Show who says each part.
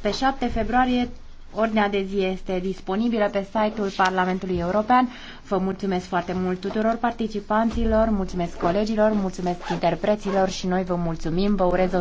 Speaker 1: Pe 7 februarie ordinea de zi este disponibilă pe site-ul Parlamentului European. Vă mulțumesc foarte mult tuturor participanților, mulțumesc colegilor, mulțumesc
Speaker 2: interpreților și noi vă mulțumim. Vă urez o